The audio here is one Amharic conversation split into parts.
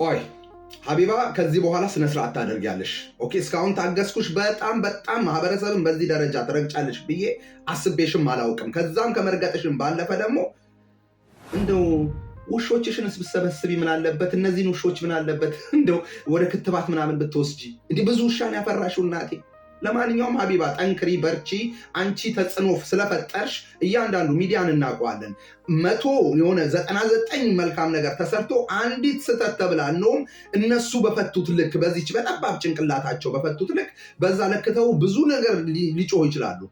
ቆይ ሀቢባ ከዚህ በኋላ ስነስርዓት ታደርጊያለሽ። ኦኬ እስካሁን ታገስኩሽ። በጣም በጣም ማህበረሰብን በዚህ ደረጃ ትረግጫለሽ ብዬ አስቤሽም አላውቅም። ከዛም ከመርገጥሽን ባለፈ ደግሞ እንደው ውሾችሽንስ ብትሰበስቢ ምን አለበት? እነዚህን ውሾች ምን አለበት እንደው ወደ ክትባት ምናምን ብትወስጂ። እንዲህ ብዙ ውሻን ያፈራሽው እናቴ ለማንኛውም ሀቢባ ጠንክሪ፣ በርቺ። አንቺ ተጽዕኖ ስለፈጠርሽ እያንዳንዱ ሚዲያን እናውቀዋለን። መቶ የሆነ ዘጠና ዘጠኝ መልካም ነገር ተሰርቶ አንዲት ስህተት ተብላ እንደውም እነሱ በፈቱት ልክ በዚች በጠባብ ጭንቅላታቸው በፈቱት ልክ በዛ ለክተው ብዙ ነገር ሊጮህ ይችላሉ።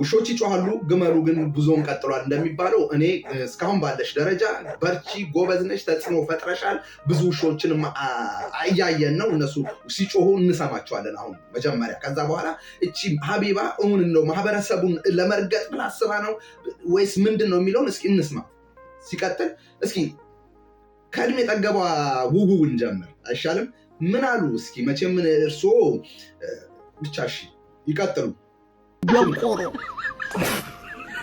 ውሾች ይጮሃሉ፣ ግመሉ ግን ጉዞውን ቀጥሏል እንደሚባለው እኔ እስካሁን ባለሽ ደረጃ በርቺ፣ ጎበዝነሽ፣ ተጽዕኖ ፈጥረሻል። ብዙ ውሾችን እያየን ነው። እነሱ ሲጮሁ እንሰማቸዋለን። አሁን መጀመሪያ፣ ከዛ በኋላ እቺ ሀቢባ እሁን ነው ማህበረሰቡን ለመርገጥ ብላ አስባ ነው ወይስ ምንድን ነው የሚለውን እስኪ እንስማ። ሲቀጥል እስኪ ከእድሜ ጠገቧ ውቡ እንጀምር አይሻልም? ምን አሉ? እስኪ መቼም እርስዎ ብቻ እሺ፣ ይቀጥሉ። ደንቆሮ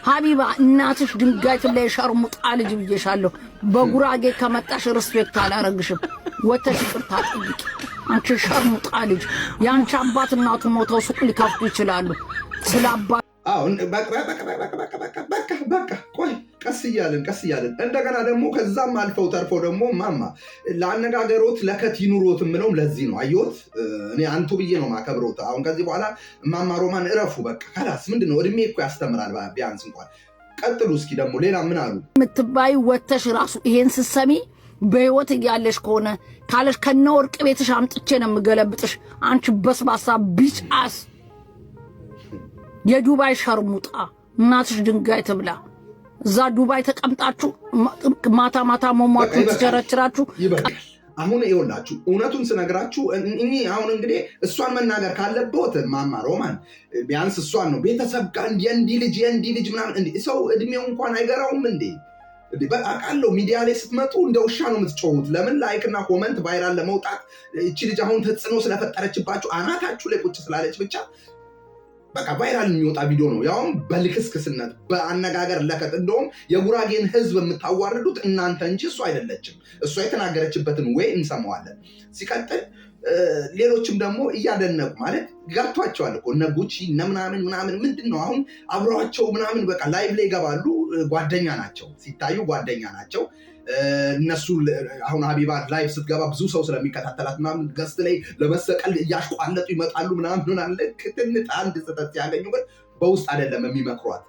ሀቢባ እናትሽ ድንጋይ ላይ ሸርሙጣ ልጅ ብዬሻለሁ። በጉራጌ ከመጣሽ ርስፔክት አላረግሽም። ወተሽ ቅርታ ጠይቂ። አንቺ ሸርሙጣ ልጅ፣ የአንቺ አባት እናቱ ሞተው ሱቅ ሊከፍቱ ይችላሉ። ስለ አባ በቃ በቃ በቃ በቃ በቃ ቆይ ቀስ እያልን ቀስ እያልን እንደገና ደግሞ ከዛም አልፈው ተርፎ ደግሞ ማማ ለአነጋገሮት ለከት ይኑሮት የምለውም ለዚህ ነው። አየሁት እኔ አንቱ ብዬ ነው ማከብሮት። አሁን ከዚህ በኋላ ማማ ሮማን እረፉ በቃ ከላስ ምንድን ነው እድሜ እኮ ያስተምራል። ቢያንስ እንኳን ቀጥሉ እስኪ ደግሞ ሌላ ምን አሉ የምትባይ ወተሽ ራሱ ይሄን ስትሰሚ በህይወት እያለሽ ከሆነ ካለሽ ከነ ወርቅ ቤትሽ አምጥቼ ነው የምገለብጥሽ። አንቺ በስባሳ ቢጫስ የዱባይ ሸርሙጣ እናትሽ ድንጋይ ትብላ። እዛ ዱባይ ተቀምጣችሁ ማታ ማታ መሟችሁ ትቸረችራችሁ። አሁን ይኸውላችሁ እውነቱን ስነግራችሁ እኔ አሁን እንግዲህ እሷን መናገር ካለበት ማማ ሮማን ቢያንስ እሷን ነው ቤተሰብ ጋር የእንዲ ልጅ የእንዲ ልጅ ምናምን ሰው እድሜው እንኳን አይገራውም እንዴ አቃለው ሚዲያ ላይ ስትመጡ እንደ ውሻ ነው የምትጮሁት። ለምን ላይክ እና ኮመንት ቫይራል ለመውጣት እቺ ልጅ አሁን ተጽዕኖ ስለፈጠረችባችሁ አናታችሁ ላይ ቁጭ ስላለች ብቻ በቃ ቫይራል የሚወጣ ቪዲዮ ነው። ያውም በልክስክስነት በአነጋገር ለከት። እንደውም የጉራጌን ህዝብ የምታዋርዱት እናንተ እንጂ እሱ አይደለችም። እሷ የተናገረችበትን ወይ እንሰማዋለን። ሲቀጥል ሌሎችም ደግሞ እያደነቁ ማለት ገብቷቸዋል እኮ እነ ጉቺ እነ ምናምን ምናምን ምንድን ነው አሁን አብረዋቸው ምናምን በቃ ላይቭ ላይ ይገባሉ። ጓደኛ ናቸው ሲታዩ ጓደኛ ናቸው። እነሱ አሁን ሀቢባ ላይ ስትገባ ብዙ ሰው ስለሚከታተላት ምናምን ገስት ላይ ለመሰቀል እያሽቋለጡ ይመጣሉ ምናምን ልክ ትንጥ አንድ ስህተት ሲያገኙ ግን በውስጥ አይደለም የሚመክሯት፣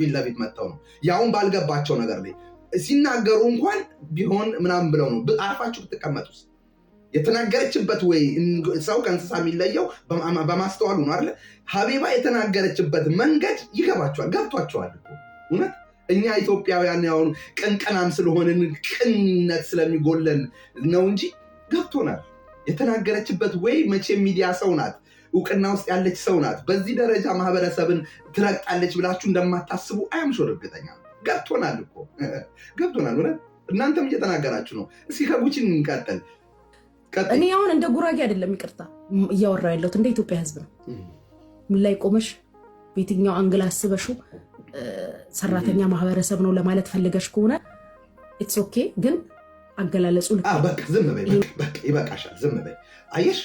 ፊት ለፊት መጥተው ነው ያሁን ባልገባቸው ነገር ላይ ሲናገሩ እንኳን ቢሆን ምናምን ብለው ነው አርፋችሁ ብትቀመጡስ። የተናገረችበት ወይ ሰው ከእንስሳ የሚለየው በማስተዋሉ ነው አለ ሀቢባ የተናገረችበት መንገድ ይገባቸዋል፣ ገብቷቸዋል እውነት እኛ ኢትዮጵያውያን ያሁን ቅንቅናም ስለሆንን ቅንነት ስለሚጎለን ነው እንጂ ገብቶናል። የተናገረችበት ወይ መቼ ሚዲያ ሰው ናት፣ እውቅና ውስጥ ያለች ሰው ናት። በዚህ ደረጃ ማህበረሰብን ትረግጣለች ብላችሁ እንደማታስቡ አያምሾ እርግጠኛ ገብቶናል እኮ ገብቶናል። እናንተም እየተናገራችሁ ነው። እስኪ ከጉችን እንቀጥል። እኔ አሁን እንደ ጉራጌ አይደለም ይቅርታ እያወራሁ ያለሁት እንደ ኢትዮጵያ ህዝብ ነው። ምን ላይ ቆመሽ፣ በየትኛው አንግል አስበሽው ሰራተኛ ማህበረሰብ ነው ለማለት ፈልገሽ ከሆነ ኢትስ ኦኬ። ግን አገላለጹ ዝም በይ፣ ይበቃሻል። ዝም በይ። አየሽ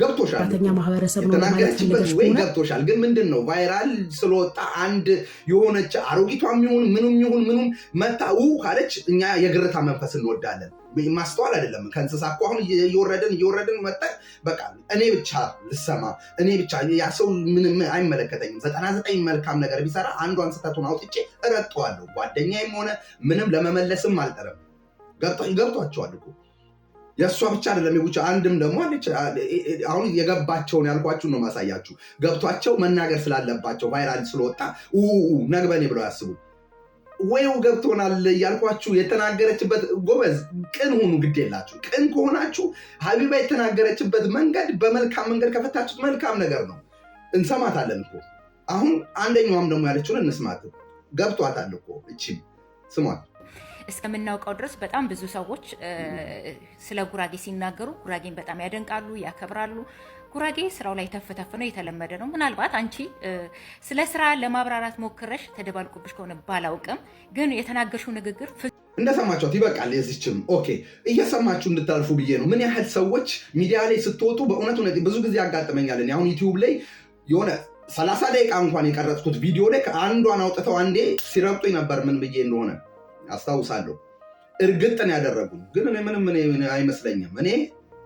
ገብቶሻል። ሰራተኛ ማህበረሰብ ነው ለማለት ፈልገሽ ገብቶሻል። ግን ምንድን ነው ቫይራል ስለወጣ አንድ የሆነች አሮጊቷም ይሁን ምኑም ይሁን ምኑም መታው ካለች እኛ የግርታ መንፈስ እንወዳለን። ማስተዋል አይደለም። ከእንስሳ እኮ አሁን እየወረድን እየወረድን መጠን በቃ እኔ ብቻ ልሰማ እኔ ብቻ ያ ሰው ምንም አይመለከተኝም። ዘጠና ዘጠኝ መልካም ነገር ቢሰራ አንዷን ስህተቱን አውጥቼ እረጠዋለሁ። ጓደኛዬም ሆነ ምንም ለመመለስም አልጠረም። ገብቷቸዋል እኮ የእሷ ብቻ አይደለም የጉቻ አንድም ደግሞ አሁን የገባቸውን ያልኳችሁ ነው ማሳያችሁ። ገብቷቸው መናገር ስላለባቸው ቫይራል ስለወጣ ነግበኔ ብለው ያስቡ ወይው ገብቶናል እያልኳችሁ የተናገረችበት ጎበዝ ቅን ሁኑ። ግድ የላችሁ ቅን ከሆናችሁ ሀቢባ የተናገረችበት መንገድ በመልካም መንገድ ከፈታችሁት መልካም ነገር ነው። እንሰማታለን እኮ አሁን አንደኛዋም ደግሞ ያለችውን እንስማት። ገብቷታል እኮ እቺም ስሟት። እስከምናውቀው ድረስ በጣም ብዙ ሰዎች ስለ ጉራጌ ሲናገሩ ጉራጌን በጣም ያደንቃሉ፣ ያከብራሉ። ጉራጌ ስራው ላይ ተፍተፍ ነው፣ የተለመደ ነው። ምናልባት አንቺ ስለ ስራ ለማብራራት ሞክረሽ ተደባልቁብሽ ከሆነ ባላውቅም፣ ግን የተናገርሽው ንግግር እንደሰማችኋት ይበቃል። የዚችም ኦኬ፣ እየሰማችሁ እንድታልፉ ብዬ ነው። ምን ያህል ሰዎች ሚዲያ ላይ ስትወጡ በእውነት ብዙ ጊዜ ያጋጥመኛለን። አሁን ዩቲዩብ ላይ የሆነ ሰላሳ ደቂቃ እንኳን የቀረጽኩት ቪዲዮ ላይ ከአንዷን አውጥተው አንዴ ሲረብጡኝ ነበር። ምን ብዬ እንደሆነ አስታውሳለሁ። እርግጥን ያደረጉ ግን ምንም አይመስለኝም። እኔ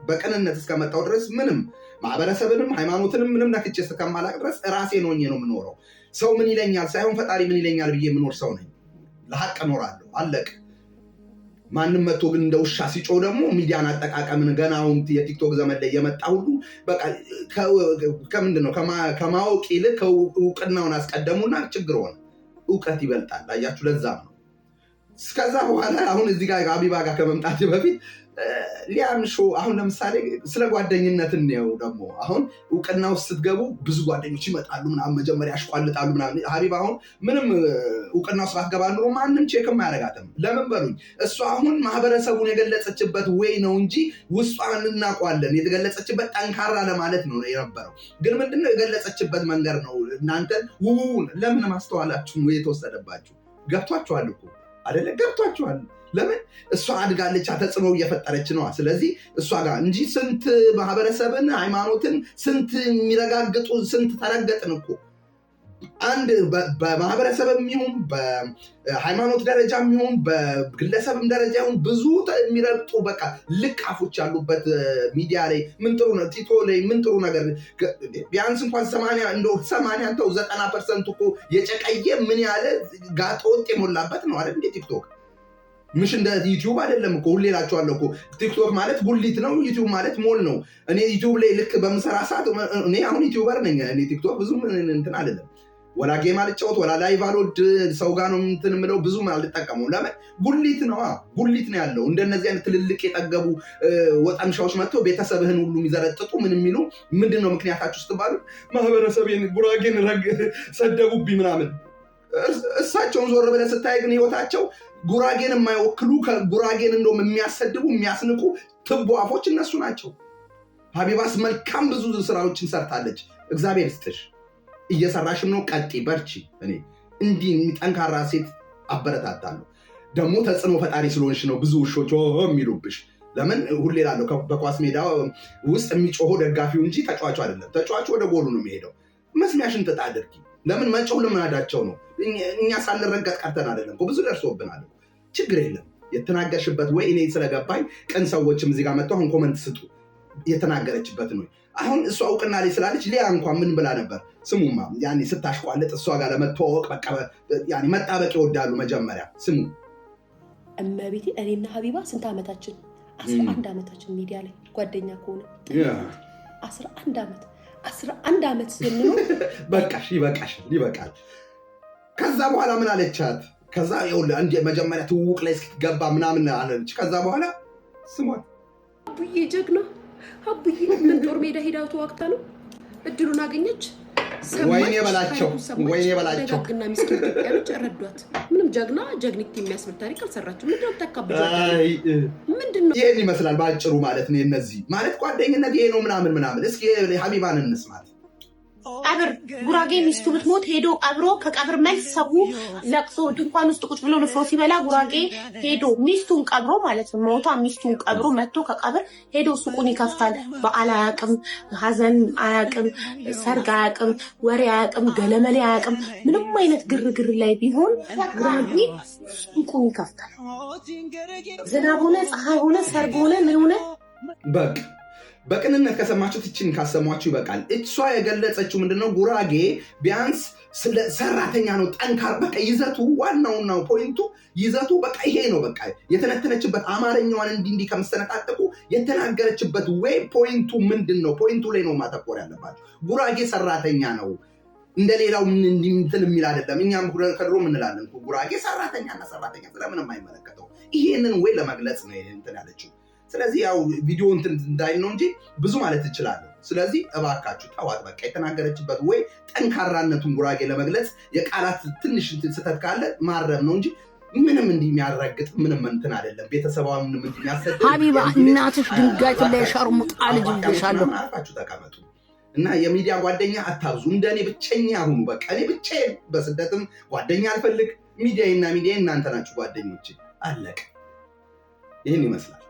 በቅንነት እስከመጣው ድረስ ምንም ማህበረሰብንም ሃይማኖትንም ምንም ነክቼ እስከማላቅ ድረስ ራሴ ሆኜ ነው የምኖረው። ሰው ምን ይለኛል ሳይሆን ፈጣሪ ምን ይለኛል ብዬ የምኖር ሰው ነኝ። ለሀቅ እኖራለሁ። አለቅ ማንም መጥቶ ግን እንደ ውሻ ሲጮህ ደግሞ ሚዲያን አጠቃቀምን ገና አሁን የቲክቶክ ዘመን ላይ የመጣ ሁሉ ከምንድን ነው ከማወቅ ይልቅ እውቅናውን አስቀደሙና ችግር ሆነ። እውቀት ይበልጣል። አያችሁ፣ ለዛም ነው እስከዛ በኋላ አሁን እዚህ ጋር አቢባ ጋር ከመምጣት በፊት ሊያን ሾ አሁን ለምሳሌ ስለ ጓደኝነት እንየው። ደግሞ አሁን እውቅና ውስጥ ስትገቡ ብዙ ጓደኞች ይመጣሉ ምናምን፣ መጀመሪያ ያሽቋልጣሉ ምናምን። ሀቢብ አሁን ምንም እውቅና ውስጥ ባትገባ ኑሮ ማንም ቼክም አያደርጋትም። ለምን በሉኝ፣ እሱ አሁን ማህበረሰቡን የገለጸችበት ወይ ነው እንጂ ውስጧን እናውቋለን። የተገለጸችበት ጠንካራ ለማለት ነው የነበረው። ግን ምንድነው የገለጸችበት መንገድ ነው እናንተን ውውን ለምን ማስተዋላችሁ የተወሰደባችሁ ገብቷችኋል እኮ አደለ? ገብቷችኋል? ለምን እሷ አድጋለች፣ ተጽዕኖ እየፈጠረች ነዋ። ስለዚህ እሷ ጋር እንጂ ስንት ማህበረሰብን ሃይማኖትን ስንት የሚረጋግጡ ስንት ተረገጥን እኮ አንድ በማህበረሰብ የሚሆን በሃይማኖት ደረጃ የሚሆን በግለሰብም ደረጃ ይሁን ብዙ የሚረጡ በቃ ልቃፎች ያሉበት ሚዲያ ላይ ምንጥሩ ነው ቲቶ ላይ ምንጥሩ ነገር ቢያንስ እንኳን ሰማንያ እንደ ሰማንያ ተው ዘጠና ፐርሰንት እኮ የጨቀየ ምን ያለ ጋጠ ወጥ የሞላበት ነው አለ እንደ ቲክቶክ ምሽ እንደ ዩቲዩብ አይደለም እኮ ሁሌ እላቸዋለሁ እኮ ቲክቶክ ማለት ጉሊት ነው። ዩቲዩብ ማለት ሞል ነው። እኔ ዩቲዩብ ላይ ልክ በምሰራ ሰዓት እኔ አሁን ዩቲዩበር ነኝ። ቲክቶክ ብዙም እንትን አይደለም ወላ ጌም አልጫወት ወላ ላይ ባሎድ ሰው ጋ ነው እንትን የምለው ብዙ አልጠቀመው። ለምን ጉሊት ነው ጉሊት ነው ያለው። እንደነዚህ አይነት ትልልቅ የጠገቡ ወጠምሻዎች መጥተው ቤተሰብህን ሁሉ የሚዘረጥጡ ምን የሚሉ ምንድን ነው ምክንያታችሁ ስትባሉ ማህበረሰቤን ጉራጌን ሰደቡብኝ ምናምን። እሳቸውን ዞር ብለህ ስታይ ግን ህይወታቸው ጉራጌን የማይወክሉ ጉራጌን እንደውም የሚያሰድቡ የሚያስንቁ ትቦ አፎች እነሱ ናቸው። ሀቢባስ መልካም ብዙ ስራዎችን ሰርታለች። እግዚአብሔር ስትሽ እየሰራሽም ነው፣ ቀጢ በርቺ። እኔ እንዲህ የሚጠንካራ ሴት አበረታታለሁ። ደግሞ ተጽዕኖ ፈጣሪ ስለሆንሽ ነው ብዙ ውሾች የሚሉብሽ። ለምን ሁሌ ላለው በኳስ ሜዳ ውስጥ የሚጮሆ ደጋፊው እንጂ ተጫዋቹ አይደለም። ተጫዋቹ ወደ ጎሉ ነው የሚሄደው። መስሚያሽን ጥጥ አድርጊ። ለምን መጮህ ልምናዳቸው ነው። እኛ ሳንረገጥ ቀርተን አይደለም፣ ብዙ ደርሶብናል። ችግር የለም። የተናገርሽበት ወይ እኔ ስለገባኝ ቀን ሰዎችም እዚህ ጋር መጥተው አሁን ኮመንት ስጡ የተናገረችበት ነው። አሁን እሷ እውቅና ላይ ስላለች ሊያ እንኳን ምን ብላ ነበር? ስሙማ ያኔ ስታሽቋለጥ እሷ ጋር ለመተዋወቅ መጣበቅ ይወዳሉ። መጀመሪያ ስሙ እመቤቴ፣ እኔና ሀቢባ ስንት ዓመታችን? አስራ አንድ ዓመታችን ሚዲያ ላይ ጓደኛ ከሆነ አስራ አንድ ዓመት አስራ አንድ ዓመት ስንኖ በቃሽ፣ ይበቃሽ፣ ይበቃል። ከዛ በኋላ ምን አለቻት? ከዛ መጀመሪያ ትውውቅ ላይ እስክትገባ ምናምን አለች። ከዛ በኋላ ስሟል ብዬ ጀግና አቡዬ ምን ጦር ሜዳ ሄዳ ተዋግታ ነው እድሉን አገኘች። ወይኔ በላቸው ወይኔ በላቸው። ደጋግና ምስኪን ኢትዮጵያኖች ረዷት። ምንም ጀግና ጀግኒት የሚያስብል ታሪክ አልሰራችም። ምንድነው ተካብዛል? ምንድነው ይሄን ይመስላል በአጭሩ ማለት ነው። እነዚህ ማለት ጓደኝነት ይሄ ነው ምናምን ምናምን። እስኪ ሀቢባን እንስማት ቀብር ጉራጌ ሚስቱ ብትሞት ሄዶ ቀብሮ ከቀብር መልስ ሰው ለቅሶ ድንኳን ውስጥ ቁጭ ብሎ ንፍሮ ሲበላ ጉራጌ ሄዶ ሚስቱን ቀብሮ ማለት ነው ሞቷ ሚስቱን ቀብሮ መጥቶ ከቀብር ሄዶ ሱቁን ይከፍታል። በዓል አያቅም፣ ሀዘን አያቅም፣ ሰርግ አያቅም፣ ወሬ አያቅም፣ ገለመሌ አያቅም። ምንም አይነት ግርግር ላይ ቢሆን ጉራጌ ሱቁን ይከፍታል። ዝናብ ሆነ ፀሐይ ሆነ ሰርግ ሆነ ምን ሆነ በቃ በቅንነት ከሰማችሁት እችን ካሰሟችሁ ይበቃል። እሷ የገለጸችው ምንድነው? ጉራጌ ቢያንስ ሰራተኛ ነው ጠንካር። በቃ ይዘቱ ዋናውና ፖይንቱ ይዘቱ በቃ ይሄ ነው። በቃ የተነተነችበት አማርኛዋን እንዲ እንዲ ከምስተነጣጠቁ የተናገረችበት ወይ ፖይንቱ ምንድን ነው? ፖይንቱ ላይ ነው ማተኮር ያለባቸው። ጉራጌ ሰራተኛ ነው እንደ ሌላው እንትን የሚል አይደለም። እኛም ከድሮ ምንላለን ጉራጌ ሰራተኛና ሰራተኛ ስለምንም አይመለከተው። ይሄንን ወይ ለመግለጽ ነው እንትን ያለችው። ስለዚህ ያው ቪዲዮ እንትን እንዳይል ነው እንጂ ብዙ ማለት እችላለሁ። ስለዚህ እባካችሁ ተዋት። በቃ የተናገረችበት ወይ ጠንካራነቱን ጉራጌ ለመግለጽ የቃላት ትንሽ ስህተት ካለ ማረም ነው እንጂ ምንም እንዲህ የሚያረግጥ ምንም እንትን አይደለም። ቤተሰባዊ ምንም እንዲህ የሚያሰጥ ሀቢባ እናትሽ ድንጋይ ላይ ሙጣል ልጅ አርፋችሁ ተቀመጡ እና የሚዲያ ጓደኛ አታብዙ። እንደ እኔ ብቸኛ ሁኑ። በቃ እኔ ብቻ በስደትም ጓደኛ አልፈልግ። ሚዲያና ሚዲያ እናንተ ናችሁ ጓደኞች። አለቀ። ይህን ይመስላል።